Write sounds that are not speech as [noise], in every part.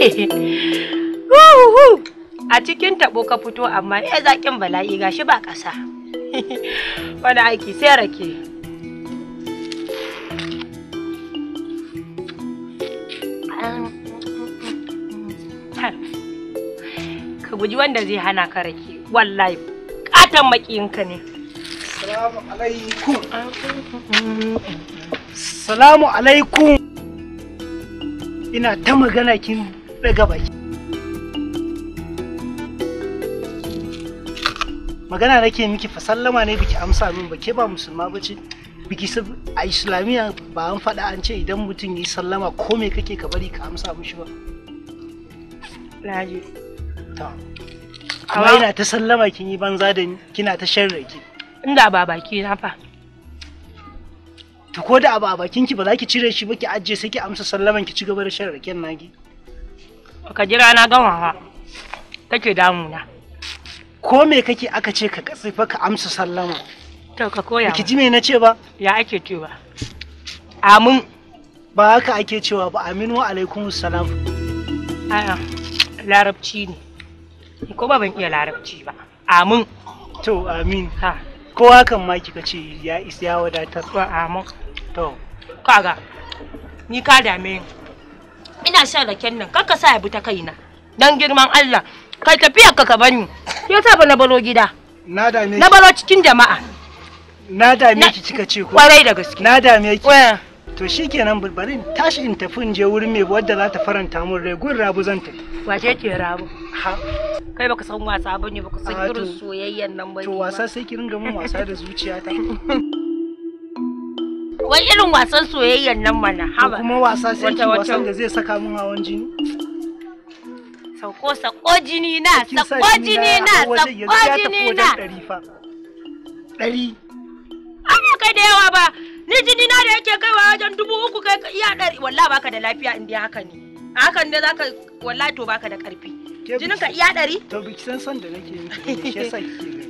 [laughs] a cikin tabo ka fito amma ya zaƙin bala'i gashi ba ƙasa [laughs] wani aiki sai rake ka guji wanda zai hana ka rake wallahi ƙaton maƙiyinka ne salamu alaikum salamu alaikum ina ta magana kin daga baki magana nake miki fa sallama ne biki amsa min ba ke ba musulma ba ce biki a islamiyya ba an faɗa an ce idan mutum yi sallama ko me kake ka bari ka amsa mishi ba Laji. To. Amma ina ta sallama kin yi banza da ni kina ta sharraki. Inda ba baki na fa. To ko da abu a bakin ki ba za ki cire shi ba ki ajiye sai ki amsa sallaman ki ci gaba da sharraken ki ka jira na gama fa kake damuna ko me kake aka ce ka fa ka amsa sallama to ka koya ki ji me na ce ba ya ake cewa amin ba haka ake cewa ba amin wa alaikum salam a'a larabci ne ko ba ban iya larabci ba amin to amin ha ko hakan ma kika ce ya isa wadatar ba amin to kaga ni ka dame ni ina shan raken nan ka sa ya bi ta kaina dan girman Allah kai tafiya ka ka bani yasa ba na baro gida na dame na baro cikin jama'a na dame ki kika ce ko kwarai da gaske na dame ki to shikenan bari in tashi in tafi in je wurin mai wadda za ta faranta mun rai gun rabu zan tafi wace ce rabu ha kai baka san wasa bane baka san irin soyayyen nan bane to wasa sai ki ringa mun wasa da zuciyata [laughs] wai irin wasan soyayyar nan mana haba kuma wasa sai wasan da zai saka mun hawan jini sauko sako jini na sako jini na sako jini na dari amma kai da yawa ba ni jini na da yake kaiwa wajen dubu uku kai iya ɗari wallahi baka da lafiya in dai haka ne a hakan dai zaka wallahi to baka da ƙarfi jinin ka iya ɗari to biki san san da nake yi shi yasa kike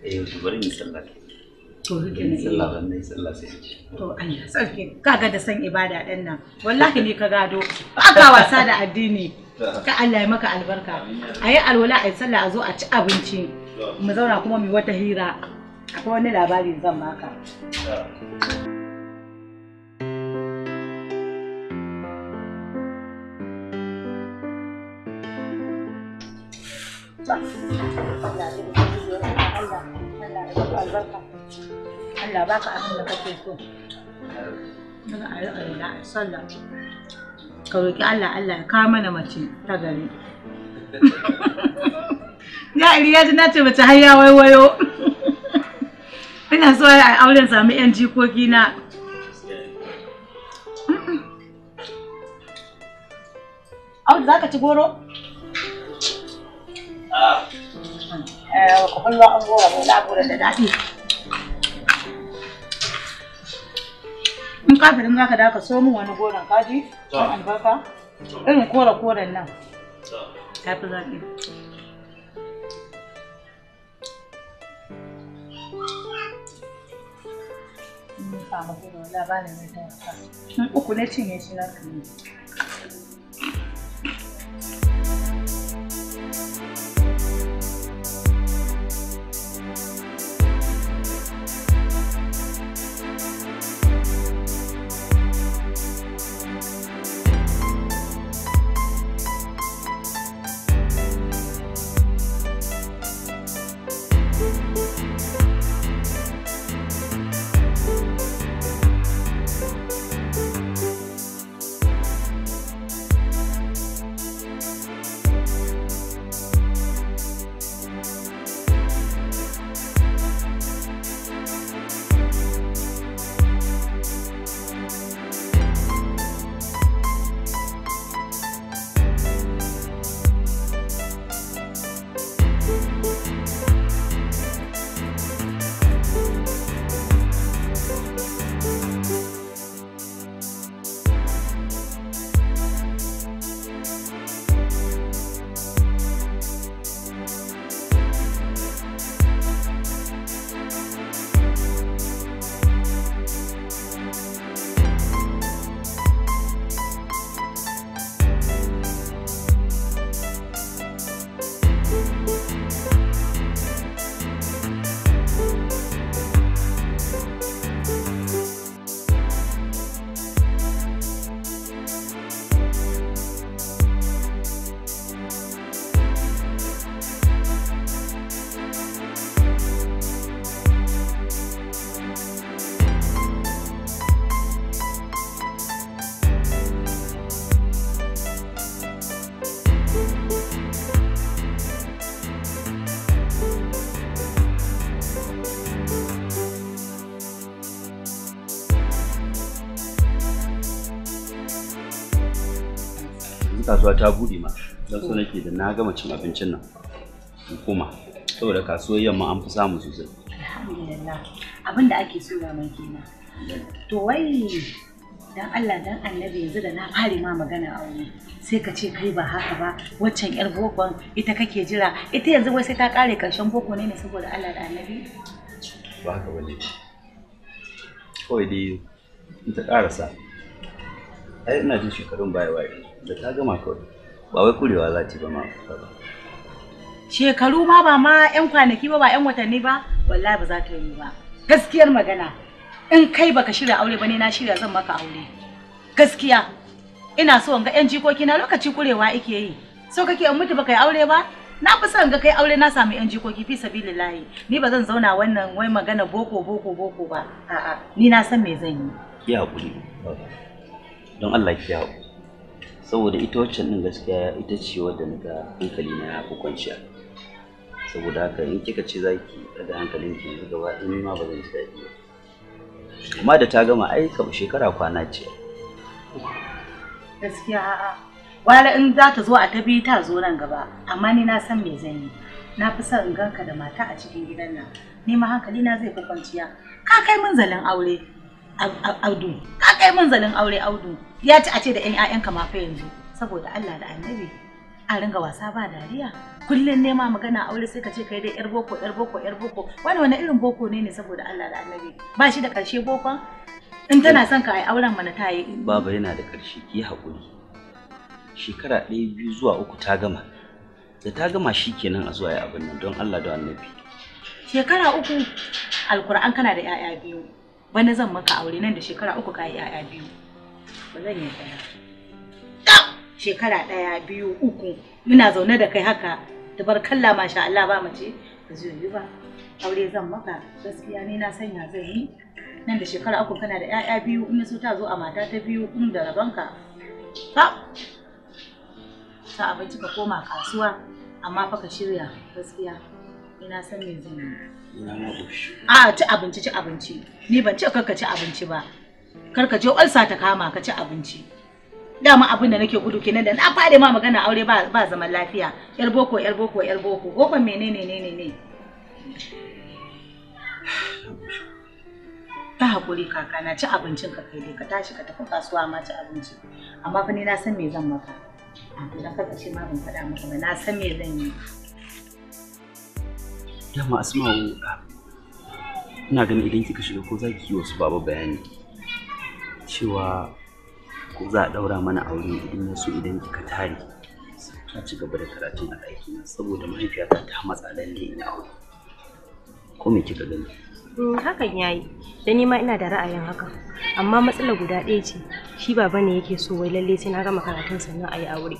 eh bari to Allah sarki kaga da san ibada ɗan nan wallahi ne ka gado aka wasa da addini ka Allah ya maka albarka ayi alwala yi sallah a zo a ci abinci mu zauna kuma mu wata hira akwai wani labari zan maka Thank albarka Allah baka abin da kake so daga alƙarina a sallah ka roƙi Allah Allah ya kawo mana mace ta gari yari [laughs] ya ji na ce mace har ya waiwayo [laughs] ina so a auren samu yan jikoki na Audu za ka ci goro? Ah. kwakwalwa an da in kafirin zaka da ka so min wani goron kaji don albarka irin kore koren nan ta fi zaɓi uku na cinye shi na kan yanzu kasuwa ta bude ma don so mm. nake da na gama cin abincin nan in koma saboda kasuwar yamma an fi samu sosai alhamdulillah abin da ake so na mai kenan to wai dan Allah dan annabi yanzu da na fare ma magana aure sai ka ce kai ba haka ba waccan yar bokon ita kake jira ita yanzu wai sai ta kare karshen boko ne saboda Allah da annabi ba haka bane kawai dai in ta karasa ai ina jin shekarun baya waye da ta gama kawai ba wai kurewa za ta ba ma ba shekaru ma ba ma 'yan kwanaki ba ba 'yan watanni ba wallahi ba za ta yi ba gaskiyar magana in kai baka shirya aure ba ne na shirya zan maka aure gaskiya ina so in ga 'yan jikoki na lokaci kurewa ake yi so kake in mutu baka yi aure ba na fi son ga kai aure na samu yan jikoki fi sabilillahi ni ba zan zauna wannan wai magana boko boko boko ba a'a ni na san me zan yi ki hakuri don Allah ki hakuri saboda ita waccan din gaskiya ita ce wadda na ga hankali na ya fi kwanciya saboda haka in kika ce za ki ɗaga hankalin ki yanzu gaba in ma ba zan ji daɗi ba amma da ta gama ai kam shekara kwana ce gaskiya a'a wala in za ta zo a ta biyu ta zo nan gaba amma ni na san me zan yi na fi son in ganka da mata a cikin gidan nan ni ma hankali na zai fi kwanciya ka kai min zalin aure audu ka kai zalin aure audu ya ci a ce da 'yan 'ya'yanka ma fa yanzu saboda Allah da annabi a ringa wasa ba dariya kullum nema magana aure sai ka ce kai dai yar boko yar boko yar boko wani wani irin boko ne ne saboda Allah da annabi ba shi da ƙarshe bokon in tana son ka ai auren mana ta yi baba yana da ƙarshe ki hakuri shekara ɗaya biyu zuwa uku ta gama da ta gama shi kenan a zuwa ya abin nan don Allah da annabi shekara uku alkur'an kana da 'ya'ya biyu wani zan maka aure nan da shekara uku ka yi yaya biyu ba zan yi ɗaya shekara daya biyu uku muna zaune da kai haka tabarkalla masha Allah ba mace ba zai yi ba aure zan maka gaskiya ni na sanya zai yi nan da shekara uku kana da yaya biyu in so ta zo a mata ta biyu in da rabanka ka ta abinci ka koma kasuwa amma fa ka shirya gaskiya ina san me zan yi A ci abinci ci abinci. Ni ban kar karka ci abinci ba. Karka je ulsa ta kama ka ci abinci. Dama abin da nake gudu kenan da na fare ma magana aure ba ba zaman lafiya. Yar boko yar boko yar boko. boko menene ne ne ne. Ta hakuri kaka na ci abincin ka kai dai ka tashi ka tafi kasuwa ma ci abinci. Amma fa ni na san me zan maka. To dan ka ce ma ban faɗa maka ba na san me zan yi. dama asma'u ina ganin idan kika shiga ko za ki yi wasu baba bayani cewa ko za a ɗaura mana aure idan yaso idan kika tare ta ci gaba da karatun a ɗaki saboda mahaifiyata ta matsa da ina aure ko me kika gani mm, hakan yayi da ni ma ina da ra'ayin hakan amma matsala guda ɗaya ce shi baba ne yake so wai lalle sai na gama karatun sannan a yi aure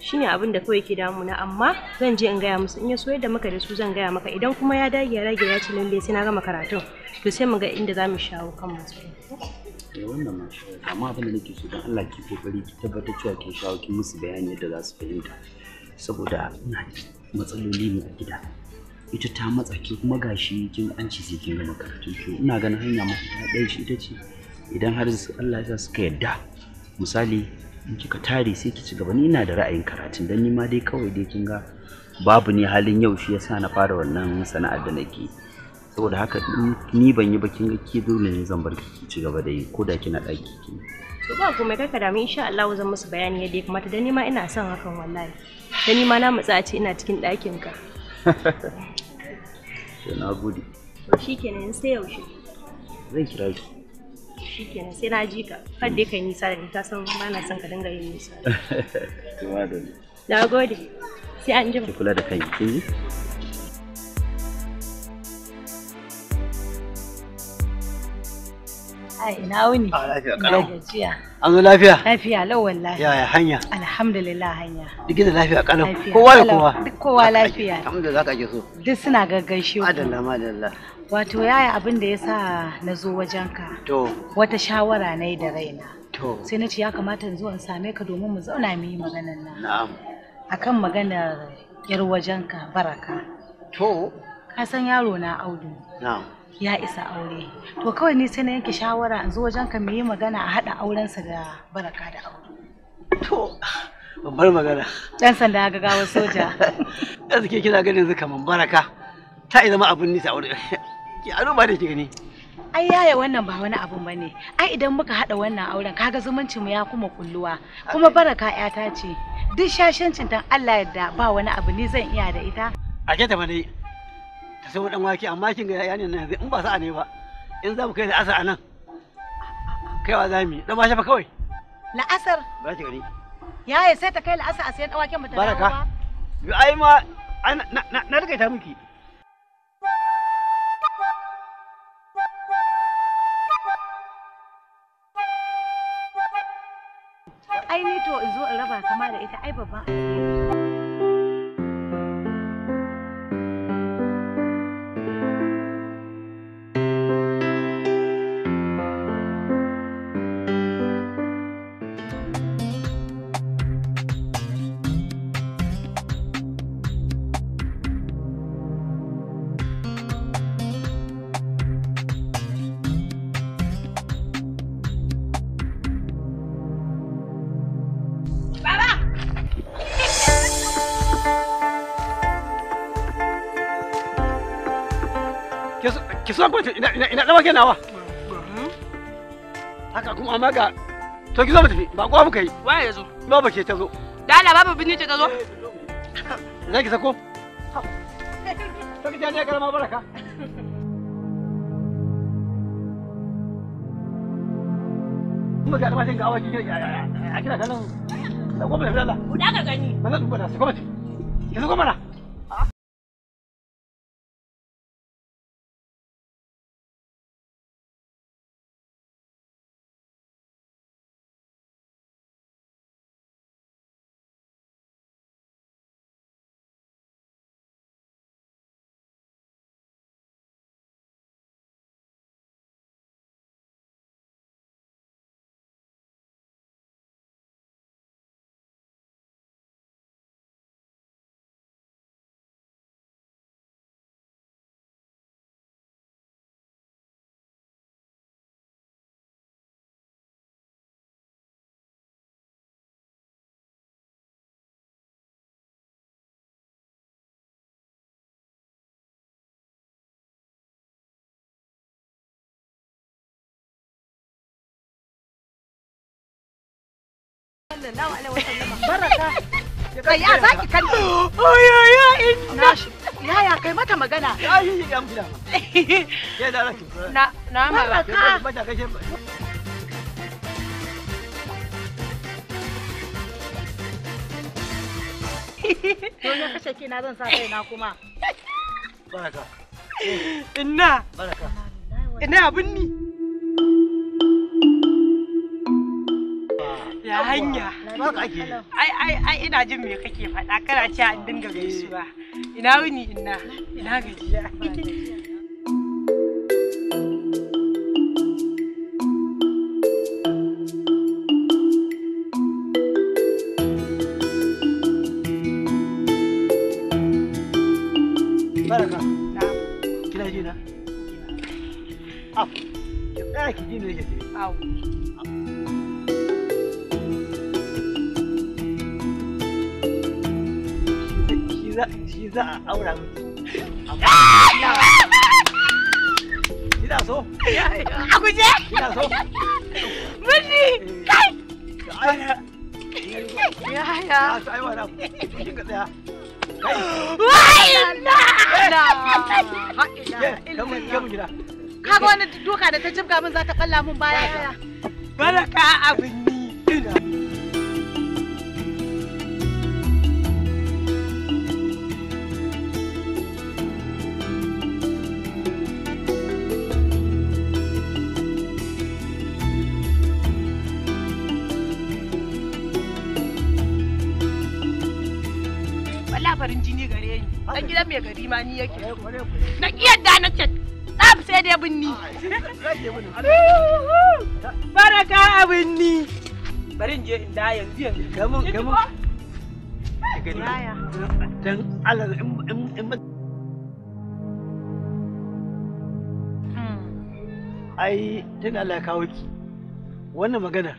Shi ne abin da kawai ke na amma zan je in gaya musu in ya so yadda muka da su zan gaya maka idan kuma ya dage ya rage ya ce lalle sai na gama karatun to sai mu ga inda za mu shawo kan masu da eh, wannan ma amma abin da nake so don Allah ki kokari ki tabbatar cewa ki shawo ki musu bayani yadda za su fahimta saboda ina matsaloli ne a gida ita ta matsa ki kuma gashi kin an ci sai kin gama karatun to ina ganin hanya mafi ɗaya shi ita ce idan har Allah ya sa suka yadda misali in kika tare sai ki ci gaba ni ina da ra'ayin karatun dan ni ma dai kawai dai kin ga babu ne halin yau shi yasa na fara wannan sana'ar da nake saboda haka ni ban yi ba kinga ki dole ne zan bar ki ci gaba da yi ko da kina daki ki to ba mai kai ka mu insha Allah zan musu bayani yadda ya kamata dan ni ma ina son hakan wallahi dan ni ma na mutsa ce ina cikin ɗakin ka [laughs] to na gode shikenan sai yaushe zan kira ki shikenan sai na ji ka har dai kai nisa da ni ka san ba na son ka dinga yin nisa [laughs] na gode sai an ji kula da kai kin ji Ai, ina wuni. A ah, lafiya kalau. gajiya. An zo lafiya? Lafiya lau wallahi. Yaya hanya? Alhamdulillah hanya. Duk da lafiya kalau. Kowa da kowa. Duk kowa lafiya. Alhamdulillah so. Duk suna gaggaishe. Adalla madalla. Wato yaya abin da ya sa na zo wajenka. To. Wata shawara na yi da raina. To. Sai na ce ya kamata in zo in same ka domin mu zauna mu yi maganar nan. Na'am. Akan maganar yar wajenka baraka. To. Ka san yaro na audu. Na'am. Ya isa aure. To kawai ni sai na yanke shawara in zo wajenka mu yi magana a haɗa aurensa da baraka da audu. To. Babbar magana. Dan sanda ga gawar soja. [laughs] Yanzu suke kina ganin zuka mun baraka. Ta zama abin nisa aure. ki aro ba da gani ai yaya wannan ba wani abu ba ne ai idan muka haɗa wannan auren kaga zumuncin mu ya kuma kulluwa kuma baraka yata ce duk shashancin dan Allah yadda ba wani abu ni zan iya da ita a ke tafi dai ta sai wadan waki amma kin ga yani nan in ba sa'a ne ba in za mu kai da asar anan kaiwa za mu dan ba shafa kawai la'asar ba ki gani yaya sai ta kai la'asar a sayan dawaken ba ta baraka ai ma na na na miki ai ni to in zo in raba kama da ita ai babban ki so kwance ina ina ina dama kenawa haka kuma amma ga to ki zo mu tafi ba kowa muka yi waye yazo ba ba ke ta zo da Allah babu binni ce ta zo zan ki sako ta ki jani karama baraka kuma ga almashin ga awa ki a kira kanan da gobe da Allah ku da ka gani mana duba da su gobe ki zo gobe sallallahu alaihi [laughs] baraka kai ya zaki kan inna kai mata magana yan gida ya da raki na na zan sa kai na kuma baraka inna baraka abin ni ya hanya ai ai ai ina jin me kake faɗa kana cewa an dinga gaisuwa ina wuni ina ina gajiya Baraka. Kina ji na? ki ji Au. shi a so so kai ga wani duka da ta jibga min za ta balla min baya. Baraka abin ni ina. farin jini gare ni dan gidan mai gari ma ni yake na kiyarda na ce tsaf sai dai binni baraka a binni bari in je in da yanzu yanzu gamin gamin dan Allah in in hmm. ai tun Allah ya kawo ki wannan magana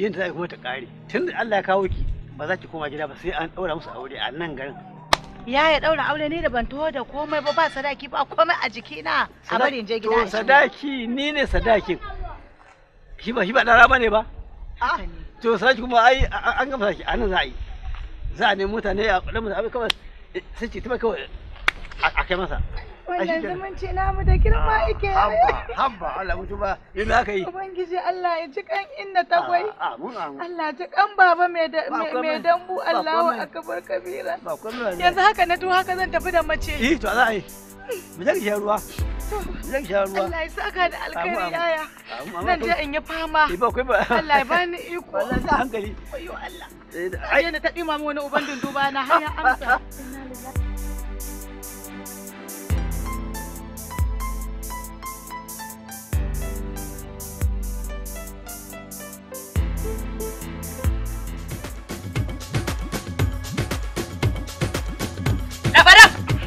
yin ta kuma ta kare tun Allah ya kawo ki ba za ki koma gida ba sai an ɗaura musu aure a nan garin ya ya ɗaura aure ni da ban taho da komai ba ba sadaki ba komai a jikina a bari in je gida sadaki ni ne sadakin shi ba shi ba ɗara ba ne ba ah, to sadaki kuma ai an gama sadaki a nan za a yi za a nemi mutane a ɗan mutane kawai sai ce ta kawai a kai masa wannan zumunci namu da girma ah, yake habba habba Allah mutu ba yi ubangiji Allah ya ji kan inna ta ah, ah, Allah ji kan baba mai dambu wa akabar kabira yanzu haka na tun haka zan tafi da mace eh to za a yi mu zaki ruwa zan ruwa Allah ya saka da alkhairi yaya zan je in yi fama eh, Allah ya bani iko Allah ya hankali ayyo ta dima mu wani uban dunduba na haya amsa [laughs]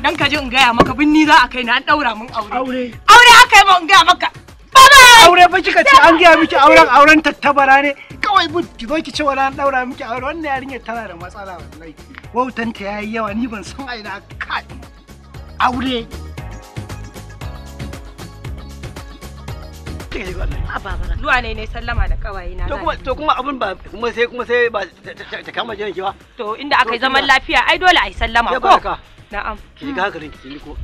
dan ka je in gaya maka binni za a kai na an daura mun aure aure aure aka yi mun in gaya maka aure ba kika ce an gaya miki auren auren tattabara ne kawai bu ki zo ki ce wala an daura miki aure wannan yarinyar tana da matsala wallahi wautan ta yayi yawa ni ban san aina kai aure Luwa ne ne sallama da kawai na To kuma abin ba kuma sai kuma sai ba ta kama jiran kiwa. ba. To inda aka yi zaman lafiya ai dole a yi sallama ko. Na'am. Ki shiga ki ni ko.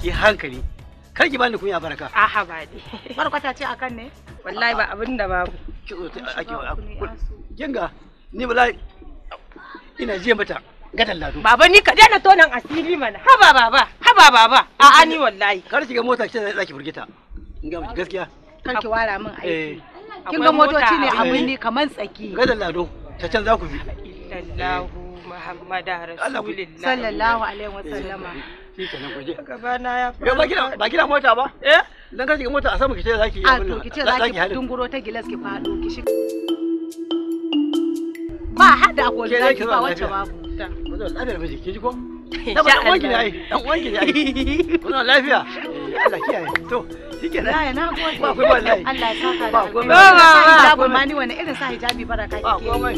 Ki hankali. Kar ki bani kunya baraka. Aha ba ne. [laughs] Barkwata ce akan ne? Wallahi ba abin da babu. Ki zo ake Jinga ni bala ina je mata gadan lado. Baba ni ka daina tonan asiri mana. Haba baba, haba baba. A'a ni wallahi. Kar ki ga mota ki zaki burgita. In ga gaskiya. Kar ki wara min aiki. Eh. Kin ga motoci ne abin eh. ne kaman tsaki. Gadan lado. Ta can za ku bi. sallallahu muhammada rasulillah sallallahu alaihi wasallama eh, ba mota ba eh dan ka shiga mota a sama kice zaki yi abin kice zaki dunguro ta gilas ki fado ki shiga ba hada ko zaki ba wacce babu ta mutum miji ba ai dan ai kuna lafiya eh, Allah kiyaye to ya na gode ba ba ba ya ba ba ba ba ba ba ba ba ba sa ba ba ba ba ba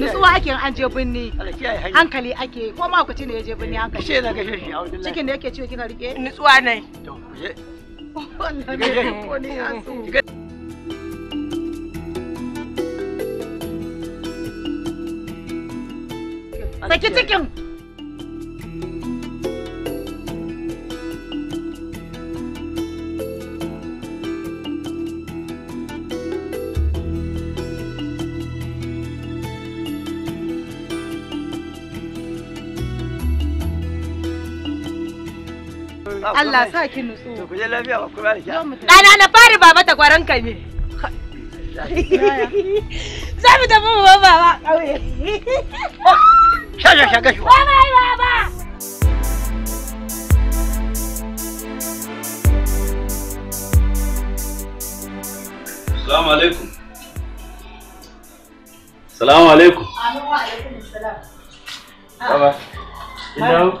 nutsuwa ake an je binni hankali ake ko ma ku ne ya je binni hankali shi na gashe shi Abdullahi cikin da yake ciwo kina rike nutsuwa ne to ku je wallahi ko ne ya so Saki cikin Allah sa ki nutsu. To kuje lafiya ba kuma na fari baba ta gwaran ka ne. Za mu tafi mu baba shaga shi. Baba baba. Assalamu alaikum. Assalamu alaikum. Assalamu alaikum. Baba. Ina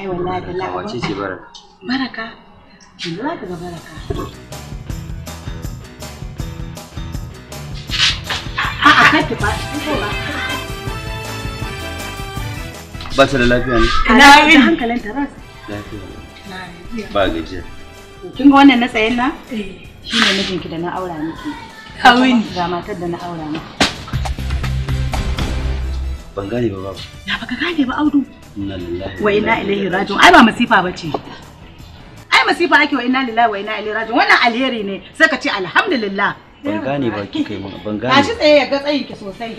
ai wallahi billahi wace ce baraka baraka yanzu za ka ga baraka a'a kai ki ba ko ba ba ta da lafiya ne ina yi hankalin ta ras lafiya ba kin ga wannan na tsayen na eh. shi ne mijinki da na aura miki kawai ga matar da na aura miki ban gane ba babu ya baka gane ba audu wa inna ilaihi raji'un ai ba masifa bace ai masifa ake wa inna lillahi wa inna ilaihi raji'un wannan alheri ne sai ka ce alhamdulillah ban gane ba kika yi ban gane tashi tsaye ya ga tsayin ki sosai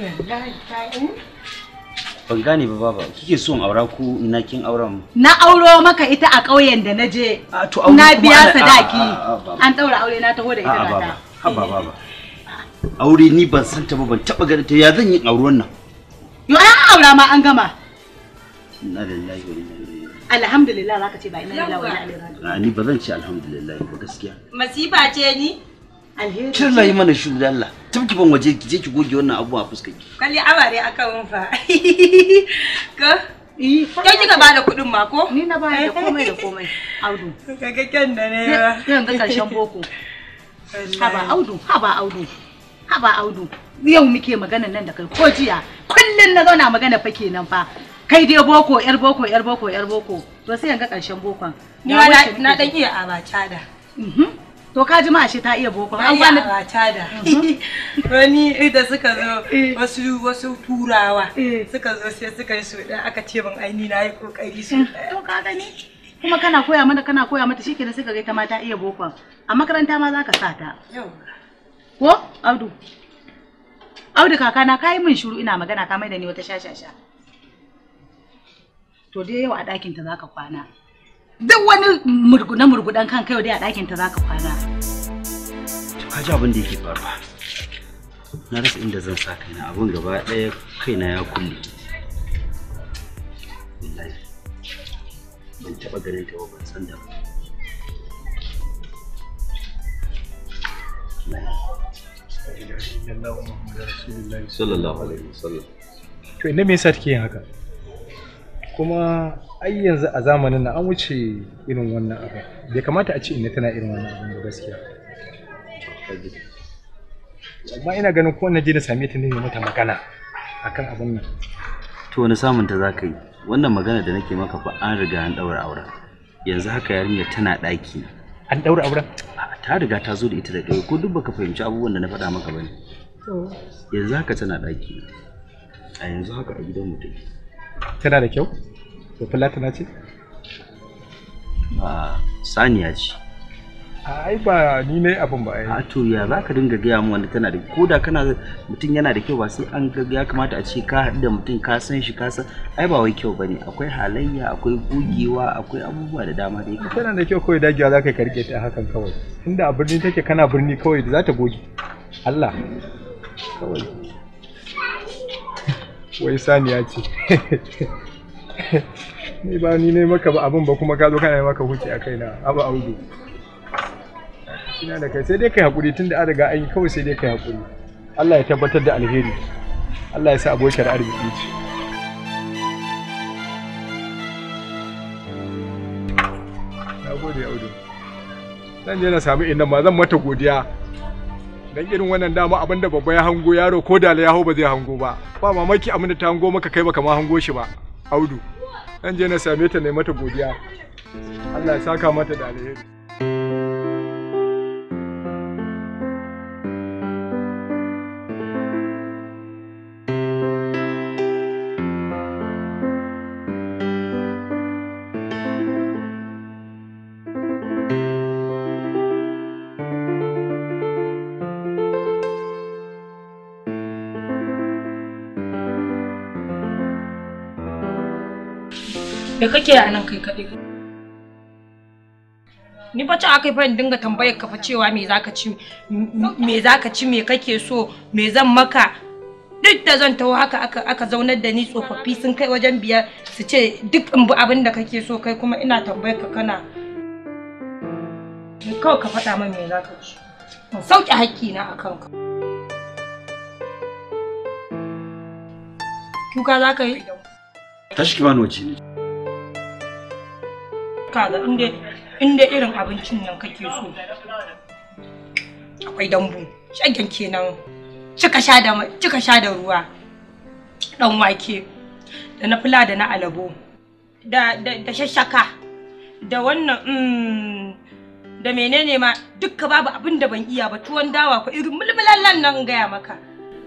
ban gane ba baba kike son aura ko na kin auren na auro maka ita a ƙauyen da na je na biya sadaki an daura aure na taho da ita ba ta baba aure ni ban santa ba ban taba ganin ta ya zan yi auren nan yo an aura ma an gama na da lillahi wa inna ilaihi Alhamdulillah zaka ce ba ina lillahi wa inna ilaihi raji'un. Ni ba zan ce alhamdulillah ba gaskiya. Masifa ce ni. Alheri. Kin rayi mana shiru da Allah. Tumki ban waje ki je ki goge wannan abu a fuskar ki. Kalli abare akan mun fa. [laughs] Ko? Yau kika ba da kuɗin ma ko? Ni na ba da komai da komai. Audu. [laughs] Kaga kyan da ne ba. Yanzu karshen boko. [laughs] Haba Audu, haba Audu. Haba Audu. Yau muke magana nan da kai ko jiya. Kullum na zauna magana fa kenan fa. kai dai boko yar boko yar boko yar boko to sai yanga karshen bokon ni ma na dan iya abacha da mhm. to ka ji ma ashe ta iya boko an ni abacha da mhm. [laughs] wani da suka zo eh. wasu wasu turawa eh. suka zo sai suka yi su aka ce min aini na yi kokari eh. su to ka gani kuma kana koya mana kana koya mata shi kenan sai ka ga ta ma ta iya boko a makaranta ma zaka sa ta ko audu audu kakana kai min shiru ina magana ka mai da ni wata shashasha to dai yau a ɗakin ta zaka kwana duk wani murgudan murgudan kan kai dai a ɗakin ta zaka kwana to ka ji abin da yake faruwa na rasa inda zan sa kaina abin gaba ɗaya kaina ya kulle wallahi ban taɓa ganin ta ba ban san da ba sallallahu alaihi wasallam to inda me yasa take yin haka kuma ai yanzu a zamanin nan an wuce irin wannan abu bai kamata a ce ina tana irin wannan abu gaskiya amma ina ganin ko na je na same ta ne mata magana akan abun nan to wani samun ta zaka yi wannan magana da nake maka fa an riga an daura auren yanzu haka yarinyar tana daki an daura auren ta riga ta zo da ita da kai ko duk baka fahimci abubuwan da na faɗa maka bane yanzu haka tana daki a yanzu haka a gidan mutum tana da kyau to platina ce ba saniya ce ai ba ni ne abin ba a to ya za ka dinga gaya mu wanda tana da ko da kana mutum yana da kyau ba sai an ga ya kamata a ce ka haɗu da mutum ka san shi ka san ai ba wai kyau bane akwai halayya akwai gogewa akwai abubuwa da dama da yake tana da kyau kawai dagewa za ka karke ta hakan kawai inda a birni take kana birni kawai za ta goge Allah kawai [laughs] wai saniya ce [laughs] ni ba ni ne maka ba abin ba kuma ka zo kana maka huki a kaina abu audu ina da kai sai dai kai hakuri tunda an riga an yi kawai sai dai kai hakuri Allah ya tabbatar da alheri Allah ya sa abokiyar arziki ce na gode audu zan je na samu inna ma zan mata godiya dan irin wannan dama abinda babba ya hango yaro ko da ya hau ba zai hango ba ba mamaki abinda ta hango maka kai baka ma hango shi ba audu dan je na same ta na mata godiya Allah ya saka mata da alheri Da kake a nan kai kaɗai. Ni fa ci aka yi fa in dinga tambayar ka fa cewa me zaka ci me zaka ci me kake so me zan maka duk da zan taho haka aka aka zaunar da ni tsofaffi sun kai wajen biyar su ce duk in bi abin da kake so kai kuma ina tambayar ka kana kawai ka faɗa min me zaka ci in hakki hakkina a kanka kuka zaka yi tashi ki bani waje ne kaga inda inda irin abincin nan kake so akwai dambu shagen kenan cika sha da cika sha da ruwa dan wake da na fula da na alabo da da, da shashaka da wannan mm, da menene ma dukka babu abin da ban iya ba tuwon dawa ko irin mulmulallan nan gaya maka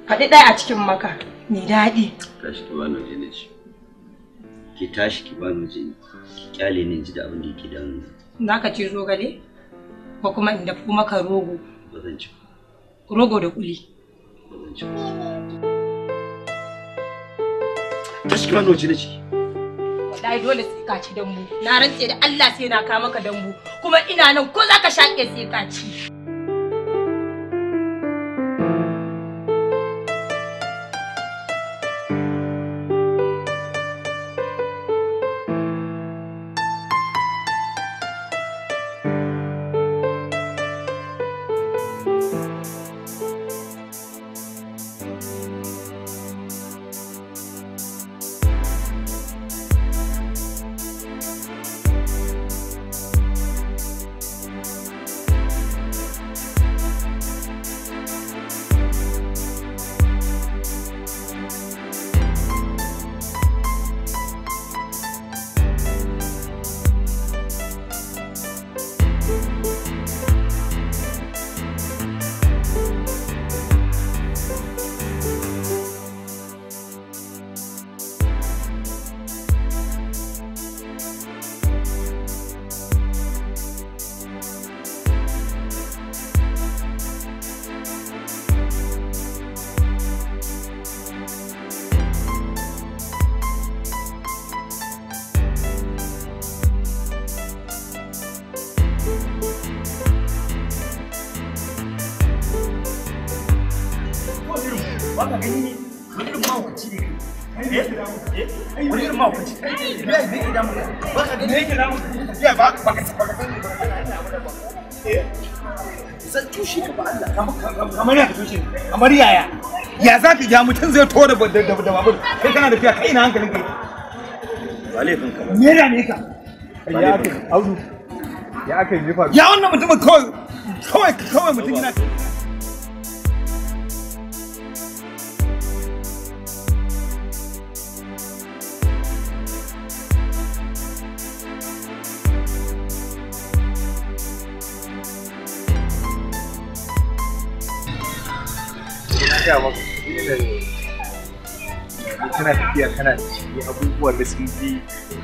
faɗi ɗaya a cikin maka mai daɗi tashi ki bani waje ne ki tashi ki bani waje ne kyale ne ji da abin da yake damu za ka ci zogale ko kuma in dafa maka rogo rogo da kuli ba zan ci ci na ci wallahi dole sai ka ci dambu na rantse da Allah sai na ka maka dambu kuma ina nan ko za ka shaƙe sai ka ci kamar yaya ya za ka ja mutum zai to da babur kai kana da fiya kai ina hankalin kai ba laifin ka me da ne ka ya aka auzu ya aka yi faru ya wannan mutumin kawai kawai kawai mutum yana kana tafiya kana ci abubuwa da sun bi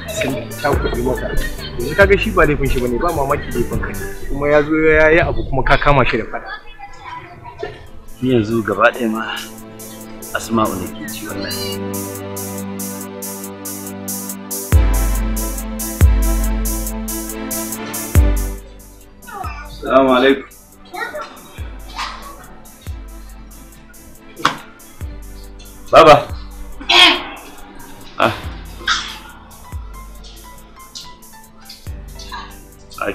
sun cakuɗe maka yanzu kaga shi ba laifin shi bane ba mamaki laifin kai kuma ya zo ya yi abu kuma ka kama shi da fada ni yanzu gaba ɗaya ma asma'u ne ke ci nan. Assalamu alaikum. Baba.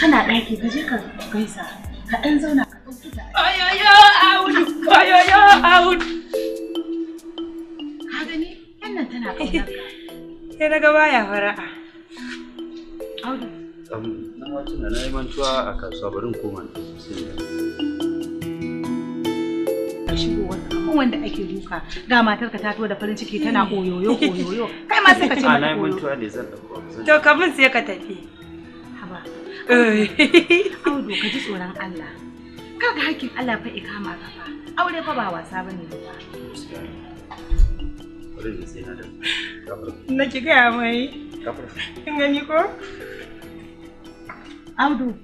kana ɗaki ka je ka gaisa ka ɗan zauna ka ɗauki fita. Ayoyo Audu, ayoyo Audu. Ka gani wannan tana ƙaunar ka. [laughs] Sai na ga baya fara'a. Audu. Na wacin da na yi mantuwa a kasuwa barin koma ne. Ka shigo wannan wanda ake duka ga matarka ta to da farin ciki tana hmm. oyoyo oyoyo [laughs] kai ma sai ka ce mata oyoyo. A na yi mantuwa ne zan ɗauko. To kamin sai ka tafi. Eh. [laughs] Audu ka ji tsoron Allah. Kaga hakkin Allah fa ika ma ka fa. Aure fa ba wasa bane ba. Na ki mai. Kin gani ko? Audu.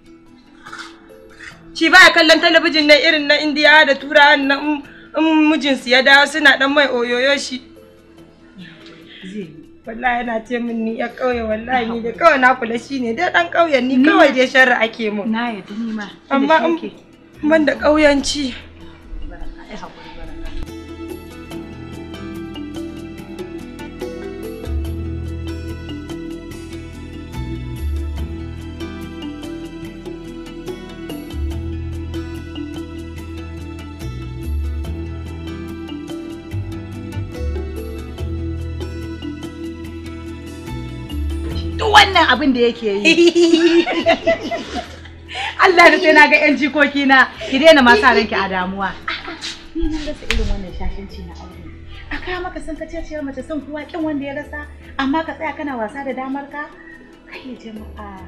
baya kallon talabijin na irin na Indiya da turawa na in mijinsu ya dawo suna dan mai oyoyo shi. Zai wallahi yana ce min ni ya kauye wallahi ni da kawai na kula shine dai dan kauyen ni kawai dai sharri ake mun na yadda ni ma amma ban da kauyanci abin da yake yi [laughs] Allah da sai na ga 'yan jikoki na ki daina ma sa ranki a damuwa ni na rasa irin wannan shashanci na aure a kaya maka san kaciyar mace son kuwa kin wanda ya rasa amma ka tsaya kana wasa da damar ka kai jama'a ah.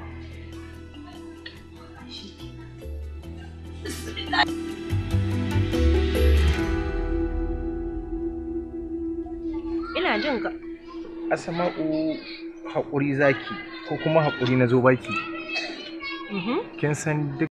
ina jin ka asama'u haƙuri zaki ko kuma haƙuri na zo baki mm-hmm. kin san duk